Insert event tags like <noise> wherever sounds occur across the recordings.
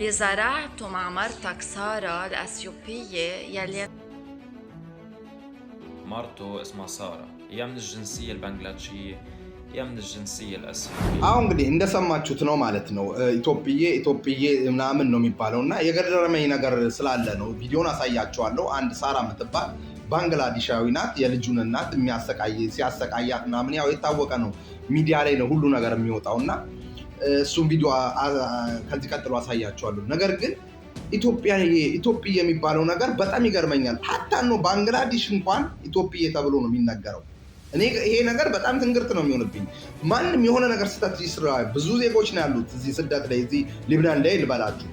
اللي زرعته مع مرتك سارة الأثيوبية يلي مرته اسمها سارة يا من الجنسية البنغلاديشية يا من الجنسية الأثيوبية አሁን እንግዲህ እንደሰማችሁት ነው ማለት ነው። ኢትዮጵዬ ኢትዮጵዬ ምናምን ነው የሚባለው እና የገረመኝ ነገር ስላለ ነው ቪዲዮን አሳያችኋለሁ። አንድ ሳራ ምትባል ባንግላዴሻዊ ናት። የልጁን እናት ሲያሰቃያት ምናምን ያው የታወቀ ነው። ሚዲያ ላይ ነው ሁሉ ነገር የሚወጣው እና እሱን ቪዲዮ ከዚህ ቀጥሎ አሳያቸዋለሁ። ነገር ግን ኢትዮጵ የሚባለው ነገር በጣም ይገርመኛል። ሀታ ነው ባንግላዴሽ እንኳን ኢትዮጵ ተብሎ ነው የሚነገረው። እኔ ይሄ ነገር በጣም ትንግርት ነው የሚሆንብኝ። ማንም የሆነ ነገር ስህተት ይስራ። ብዙ ዜጎች ነው ያሉት እዚህ ስደት ላይ እዚህ ሊብናን ላይ ልበላችሁ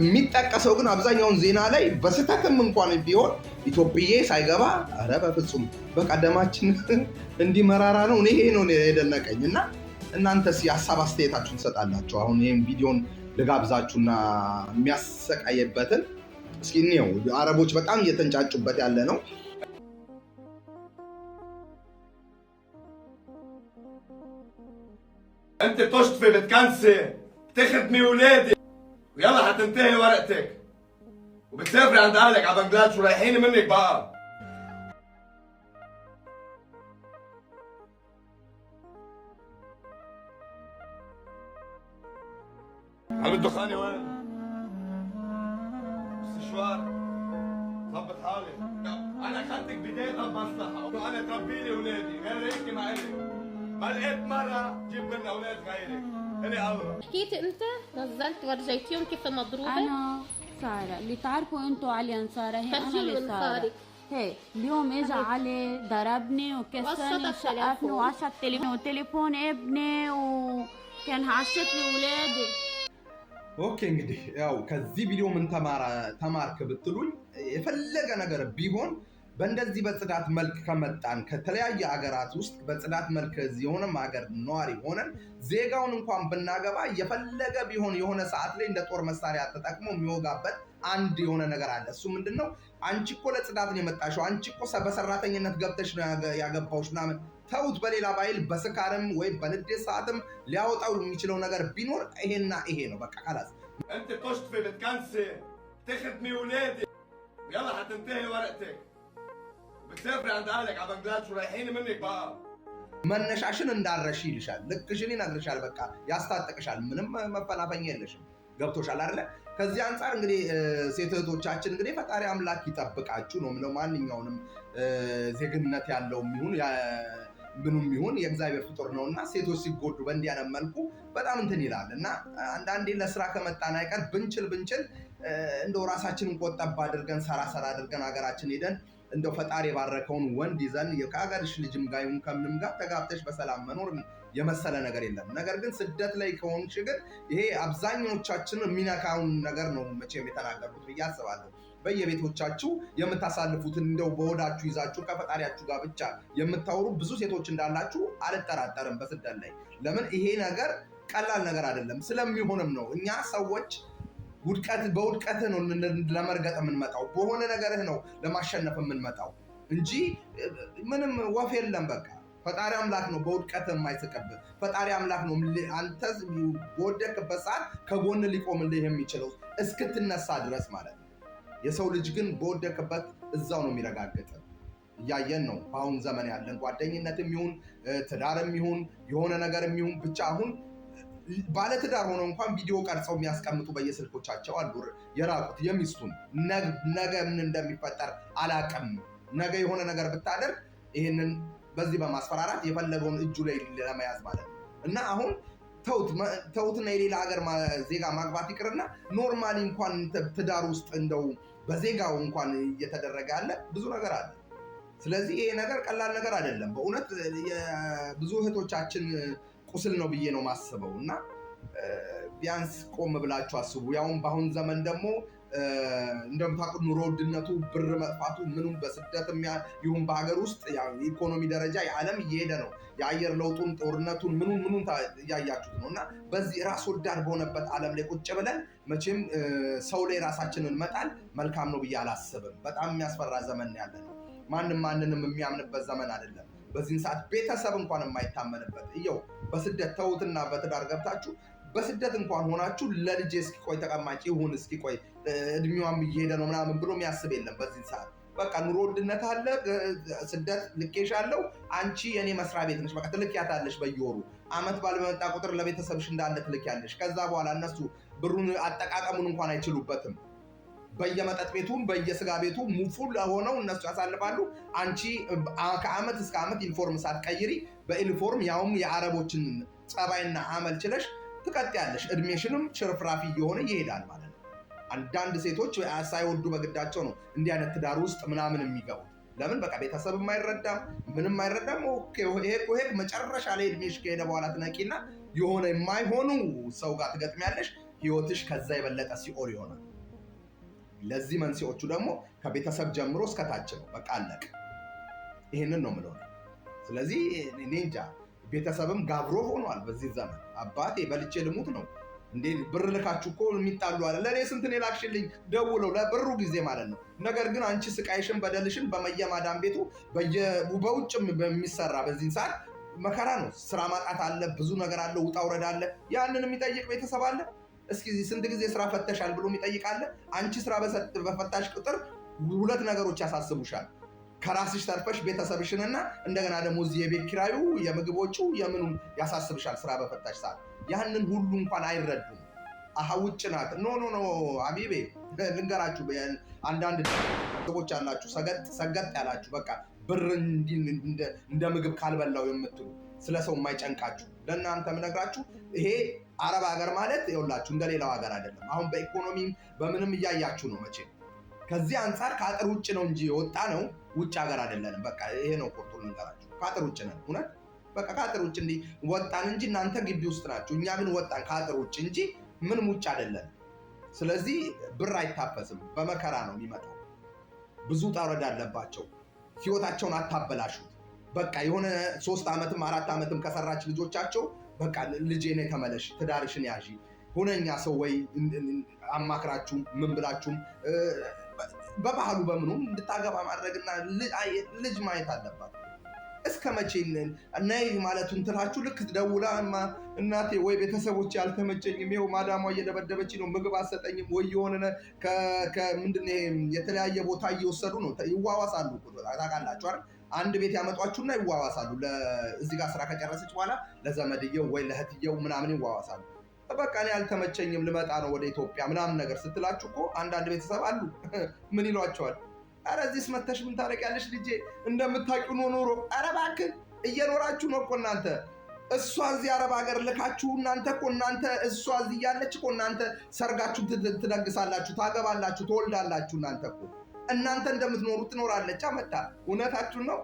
የሚጠቀሰው ግን አብዛኛውን ዜና ላይ በስህተትም እንኳን ቢሆን ኢትዮጵዬ ሳይገባ ኧረ በፍጹም በቀደማችን <laughs> እንዲመራራ ነው። እኔ ይሄ ነው የደነቀኝ እና እናንተስ የሀሳብ አስተያየታችሁን ትሰጣላችሁ። አሁን ይህም ቪዲዮን ልጋብዛችሁና የሚያሰቃየበትን እስኪ አረቦች በጣም እየተንጫጩበት ያለ ነው። انت بتشطفي بتكنسي بتخدمي ولادي ويلا حتنتهي ورقتك وبتسافري عند اهلك على بنجلاديش ورايحين منك بقى طب الدخان يا ولد استشوار ظبط حالي انا خدتك بداية المصلحه وانا تربي لي ولادي غير هيك ما الي ما لقيت مرة جيب من اولاد غيرك الي الله حكيت انت نزلت ورجيتيهم كيف مضروبة؟ انا سارة اللي تعرفوا انتوا علي انصارة هي انا اللي سارة هيك اليوم اجى علي ضربني وكسرني وشقفني وعشت التليفون وتليفون ابني وكان عشت لي اولادي ኦኬ እንግዲህ ያው ከዚህ ቪዲዮ ምን ተማርክ ብትሉኝ የፈለገ ነገር ቢሆን በእንደዚህ በጽዳት መልክ ከመጣን ከተለያየ ሀገራት ውስጥ በጽዳት መልክ የሆነም ሀገር ነዋሪ ሆነን ዜጋውን እንኳን ብናገባ የፈለገ ቢሆን የሆነ ሰዓት ላይ እንደ ጦር መሳሪያ ተጠቅሞ የሚወጋበት አንድ የሆነ ነገር አለ። እሱ ምንድን ነው? አንቺ እኮ ለጽዳት ነው የመጣሽው፣ አንቺ እኮ በሰራተኝነት ገብተሽ ያገባውሽ ምናምን ተውት። በሌላ ባይል በስካርም ወይም በንዴት ሰዓትም ሊያወጣው የሚችለው ነገር ቢኖር ይሄና ይሄ ነው። በቃ ካላስ መነሻሽን እንዳረሽ ይልሻል። ልክሽን ይነግርሻል። በቃ ያስታጠቅሻል። ምንም መፈናፈኛ የለሽም። ገብቶሻል አይደለ? ከዚህ አንጻር እንግዲህ ሴት እህቶቻችን እንግዲህ ፈጣሪ አምላክ ይጠብቃችሁ ነው የምለው። ማንኛውንም ዜግነት ያለው የሚሆን ምኑም ይሁን የእግዚአብሔር ፍጡር ነው እና ሴቶች ሲጎዱ በእንዲህ መልኩ በጣም እንትን ይላል እና አንዳንዴ ለስራ ከመጣን አይቀር ብንችል ብንችል እንደው ራሳችንን ቆጠባ አድርገን ሰራ ሰራ አድርገን ሀገራችን ሄደን እንደው ፈጣሪ የባረከውን ወንድ ይዘን ከሀገርሽ ልጅም ጋር ይሁን ከምንም ጋር ተጋብተሽ በሰላም መኖር የመሰለ ነገር የለም። ነገር ግን ስደት ላይ ከሆንሽ ግን ይሄ አብዛኛዎቻችን የሚነካውን ነገር ነው መቼም የተናገርኩት ብዬ አስባለሁ። በየቤቶቻችሁ የምታሳልፉትን እንደው በወዳችሁ ይዛችሁ ከፈጣሪያችሁ ጋር ብቻ የምታወሩ ብዙ ሴቶች እንዳላችሁ አልጠራጠርም። በስደት ላይ ለምን ይሄ ነገር ቀላል ነገር አይደለም። ስለሚሆንም ነው እኛ ሰዎች ውድቀት በውድቀት ነው ለመርገጥ የምንመጣው፣ በሆነ ነገርህ ነው ለማሸነፍ የምንመጣው እንጂ ምንም ወፍ የለም። በቃ ፈጣሪ አምላክ ነው በውድቀት የማይስቅብህ። ፈጣሪ አምላክ ነው አንተ በወደቅበት ሰዓት ከጎን ሊቆምልህ የሚችለው እስክትነሳ ድረስ ማለት ነው። የሰው ልጅ ግን በወደቅበት እዛው ነው የሚረጋገጥ። እያየን ነው በአሁን ዘመን ያለን ጓደኝነትም ይሁን ትዳርም ይሁን የሆነ ነገርም ይሁን ብቻ አሁን ባለትዳር ሆነው እንኳን ቪዲዮ ቀርጸው የሚያስቀምጡ በየስልኮቻቸው አሉ። የራቁት የሚስቱን ነገ ምን እንደሚፈጠር አላቅም። ነገ የሆነ ነገር ብታደርግ ይህንን በዚህ በማስፈራራት የፈለገውን እጁ ላይ ለመያዝ ማለት ነው እና አሁን ተውትና የሌላ ሀገር ዜጋ ማግባት ይቅርና ኖርማሊ እንኳን ትዳር ውስጥ እንደው በዜጋው እንኳን እየተደረገ ያለ ብዙ ነገር አለ። ስለዚህ ይሄ ነገር ቀላል ነገር አይደለም። በእውነት ብዙ እህቶቻችን ቁስል ነው ብዬ ነው ማስበው እና ቢያንስ ቆም ብላችሁ አስቡ። ያውም በአሁን ዘመን ደግሞ እንደምታውቁት ኑሮ ውድነቱ፣ ብር መጥፋቱ፣ ምኑም በስደት ይሁን በሀገር ውስጥ የኢኮኖሚ ደረጃ የዓለም እየሄደ ነው። የአየር ለውጡን፣ ጦርነቱን፣ ምኑ ምኑን እያያችሁት ነው። እና በዚህ ራስ ወዳድ በሆነበት ዓለም ላይ ቁጭ ብለን መቼም ሰው ላይ ራሳችንን መጣል መልካም ነው ብዬ አላስብም። በጣም የሚያስፈራ ዘመን ያለ ነው። ማንም ማንንም የሚያምንበት ዘመን አይደለም። በዚህን ሰዓት ቤተሰብ እንኳን የማይታመንበት እየው በስደት ተውትና በትዳር ገብታችሁ በስደት እንኳን ሆናችሁ ለልጅ እስኪቆይ ተቀማጭ ይሁን እስኪቆይ እድሜዋም እየሄደ ነው ምናምን ብሎ የሚያስብ የለም። በዚህ ሰዓት በቃ ኑሮ ውድነት አለ፣ ስደት ልኬሽ አለው። አንቺ የእኔ መስሪያ ቤት ነሽ፣ በቃ ትልኪያታለሽ። በየወሩ አመት ባልመጣ ቁጥር ለቤተሰብሽ እንዳለ ትልኪያለሽ። ከዛ በኋላ እነሱ ብሩን አጠቃቀሙን እንኳን አይችሉበትም። በየመጠጥ ቤቱም በየስጋ ቤቱ ሙፉል ለሆነው እነሱ ያሳልፋሉ። አንቺ ከአመት እስከ አመት ኢንፎርም ሳትቀይሪ በኢንፎርም ያውም የአረቦችን ጸባይና አመል ችለሽ ትቀጥያለሽ። እድሜሽንም ሽርፍራፊ እየሆነ ይሄዳል ማለት ነው። አንዳንድ ሴቶች ሳይወዱ በግዳቸው ነው እንዲህ አይነት ትዳር ውስጥ ምናምን የሚገቡት። ለምን በቃ ቤተሰብ አይረዳም፣ ምንም አይረዳም። ይሄ መጨረሻ ላይ እድሜሽ ከሄደ በኋላ ትነቂና የሆነ የማይሆኑ ሰው ጋር ትገጥሚያለሽ። ህይወትሽ ከዛ የበለጠ ሲኦል ይሆናል። ለዚህ መንስኤዎቹ ደግሞ ከቤተሰብ ጀምሮ እስከታች ነው። በቃ አለቅ። ይህንን ነው የምለው። ስለዚህ እኔ እንጃ ቤተሰብም ጋብሮ ሆኗል። በዚህ ዘመን አባቴ በልቼ ልሙት ነው እንዴ ብር ልካችሁ እኮ የሚጣሉ አለ። ለእኔ ስንትን የላክሽልኝ ደውለው ለብሩ ጊዜ ማለት ነው። ነገር ግን አንቺ ስቃይሽን በደልሽን በመየማዳን ቤቱ በውጭም የሚሰራ በዚህን ሰዓት መከራ ነው። ስራ ማጣት አለ፣ ብዙ ነገር አለ፣ ውጣ ውረድ አለ። ያንን የሚጠይቅ ቤተሰብ አለ። እስኪ ስንት ጊዜ ስራ ፈተሻል ብሎ የሚጠይቃለ። አንቺ ስራ በፈታሽ ቁጥር ሁለት ነገሮች ያሳስቡሻል። ከራስሽ ተርፈሽ ቤተሰብሽንና እንደገና ደግሞ እዚህ የቤት ኪራዩ የምግቦቹ የምኑም ያሳስብሻል። ስራ በፈታሽ ሰዓት ያንን ሁሉ እንኳን አይረዱም። አሀ ውጭ ናት። ኖ ኖ ኖ አቢቤ ልንገራችሁ፣ አንዳንድ ሰዎች አላችሁ፣ ሰገጥ ያላችሁ በቃ ብር እንደ ምግብ ካልበላው የምትሉ ስለ ሰው የማይጨንቃችሁ ለእናንተ ምነግራችሁ ይሄ አረብ ሀገር ማለት ይኸውላችሁ እንደሌላው ሀገር አይደለም። አሁን በኢኮኖሚም በምንም እያያችሁ ነው መቼ ከዚህ አንጻር ከአጥር ውጭ ነው እንጂ የወጣ ነው፣ ውጭ ሀገር አይደለንም። በቃ ይሄ ነው ቁርጡ ልንገራችሁ። ከአጥር ውጭ ነን እውነት በቃ ከአጥር ውጭ እንዲህ ወጣን እንጂ እናንተ ግቢ ውስጥ ናችሁ፣ እኛ ግን ወጣን ከአጥር ውጭ እንጂ ምንም ውጭ አይደለንም። ስለዚህ ብር አይታፈስም፣ በመከራ ነው የሚመጣው። ብዙ ጣውረድ አለባቸው። ህይወታቸውን አታበላሹት። በቃ የሆነ ሶስት ዓመትም አራት ዓመትም ከሰራች ልጆቻቸው በቃ ልጄ ነይ ትዳርሽን ያዢ ሁነኛ ሰው ወይ አማክራችሁም ምን ብላችሁም በባህሉ በምኑም እንድታገባ ማድረግና ልጅ ማየት አለባት። እስከ መቼ ነይ ማለቱ እንትናችሁ ልክ ደውላ እናቴ ወይ ቤተሰቦች አልተመቸኝም፣ ይኸው ማዳሟ እየደበደበች ነው፣ ምግብ አሰጠኝም ወይ የሆነ ምንድን የተለያየ ቦታ እየወሰዱ ነው። ይዋዋሳሉ፣ ታውቃላችሁ አይደል? አንድ ቤት ያመጧችሁና ይዋዋሳሉ። እዚህ ጋር ስራ ከጨረሰች በኋላ ለዘመድየው ወይ ለእህትየው ምናምን ይዋዋሳሉ። በቃ እኔ አልተመቸኝም ልመጣ ነው ወደ ኢትዮጵያ ምናምን ነገር ስትላችሁ እኮ አንዳንድ ቤተሰብ አሉ <laughs> ምን ይሏቸዋል? ረ እዚህስ መተሽ ምን ታደርጊያለሽ ልጄ እንደምታውቂው ኖ ኖሮ ኧረ እባክህ እየኖራችሁ ነው እኮ እናንተ እሷ እዚህ አረብ ሀገር ልካችሁ እናንተ እኮ እናንተ እሷ እዚህ እያለች እኮ እናንተ ሰርጋችሁ ትደግሳላችሁ፣ ታገባላችሁ፣ ትወልዳላችሁ። እናንተ እኮ እናንተ እንደምትኖሩ ትኖራለች። መጣ እውነታችሁን ነው።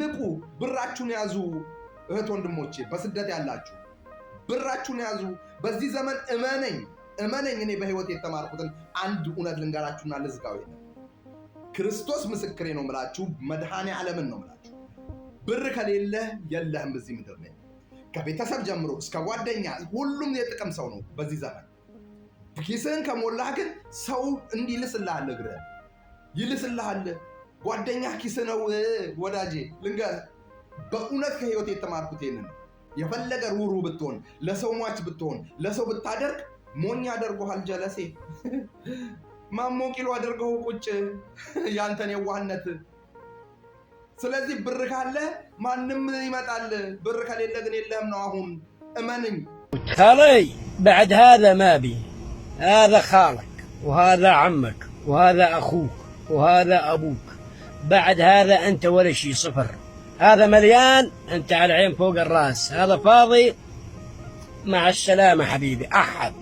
ንቁ፣ ብራችሁን ያዙ እህት ወንድሞቼ፣ በስደት ያላችሁ ብራችሁን ያዙ። በዚህ ዘመን እመነኝ እመነኝ እኔ በህይወት የተማርኩትን አንድ እውነት ልንገራችሁና ልዝጋው። ክርስቶስ ምስክሬ ነው ምላችሁ፣ መድኃኔ ዓለምን ነው ምላችሁ። ብር ከሌለ የለህም በዚህ ምድር ላይ ከቤተሰብ ጀምሮ እስከ ጓደኛ ሁሉም የጥቅም ሰው ነው በዚህ ዘመን። ኪስህን ከሞላህ ግን ሰው እንዲልስልሃል፣ እግርህ ይልስልሃል። ጓደኛ ኪስ ነው ወዳጄ። ልንገር በእውነት ከህይወት የተማርኩት ይህንን ነው። የፈለገ ሩሩ ብትሆን፣ ለሰው ሟች ብትሆን፣ ለሰው ብታደርግ ሞኝ ያደርጉሃል። ጀለሴ ማሞ ቂሎ አድርገው ቁጭ ያንተን የዋህነት። ስለዚህ ብር ካለ ማንም ይመጣል፣ ብር ከሌለ ግን የለህም ነው። አሁን እመንኝ። خلي بعد هذا ما بي هذا خالك وهذا عمك وهذا أخوك وهذا أبوك بعد هذا أنت ولا شيء صفر هذا مليان انت على العين فوق الراس هذا فاضي مع السلامة حبيبي أحد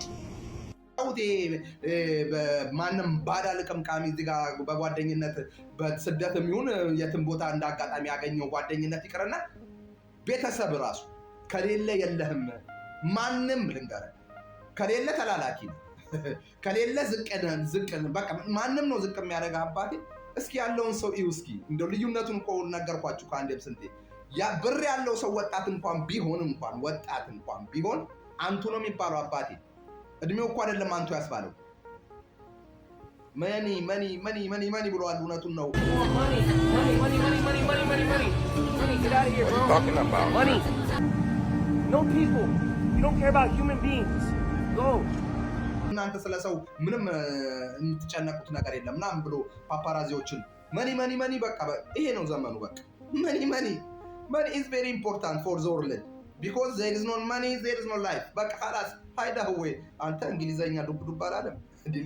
ማንም ባዳ ልቅም ቃሚ እዚህ ጋር በጓደኝነት በስደት የሚሆን የትም ቦታ እንዳጋጣሚ ያገኘው ጓደኝነት ይቅርና ቤተሰብ ራሱ ከሌለ የለህም። ማንም ልንገርህ ከሌለ ተላላኪ ነው። ከሌለ ዝቅ በቃ ማንም ነው ዝቅ የሚያደርግ አባቴ እስኪ ያለውን ሰው ይው እስኪ እንደው ልዩነቱን እኮ ነገርኳችሁ ከአንዴም ስንቴ። ብር ያለው ሰው ወጣት እንኳን ቢሆን እንኳን ወጣት እንኳን ቢሆን አንቱ ነው የሚባለው። አባቴ እድሜው እኮ አይደለም አንቱ ያስባለው። መኒ መኒ መኒ መኒ መኒ ብለዋል። እውነቱን ነው። እናንተ ስለ ሰው ምንም የምትጨነቁት ነገር የለም ምናምን ብሎ ፓፓራዚዎችን መኒ መኒ መኒ በቃ ይሄ ነው ዘመኑ። በቃ መኒ መኒ መኒ ኢዝ ቬሪ ኢምፖርታንት ፎር ዘ ወርልድ ቢኮዝ ዜር ኢዝ ኖ መኒ ዜር ኢዝ ኖ ላይፍ። በቃ ላስ ፋይዳ ወይ አንተ እንግሊዘኛ ዱብ ዱብ አላለም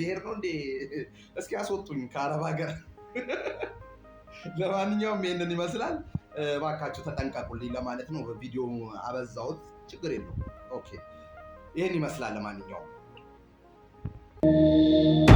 ሊሄድ ነው እንዴ? እስኪ አስወጡኝ ከአረብ ሀገር። <laughs> ለማንኛውም ይህንን ይመስላል። እባካችሁ ተጠንቀቁልኝ ለማለት ነው። ቪዲዮ አበዛሁት፣ ችግር የለውም። ኦኬ ይህን ይመስላል ለማንኛውም Música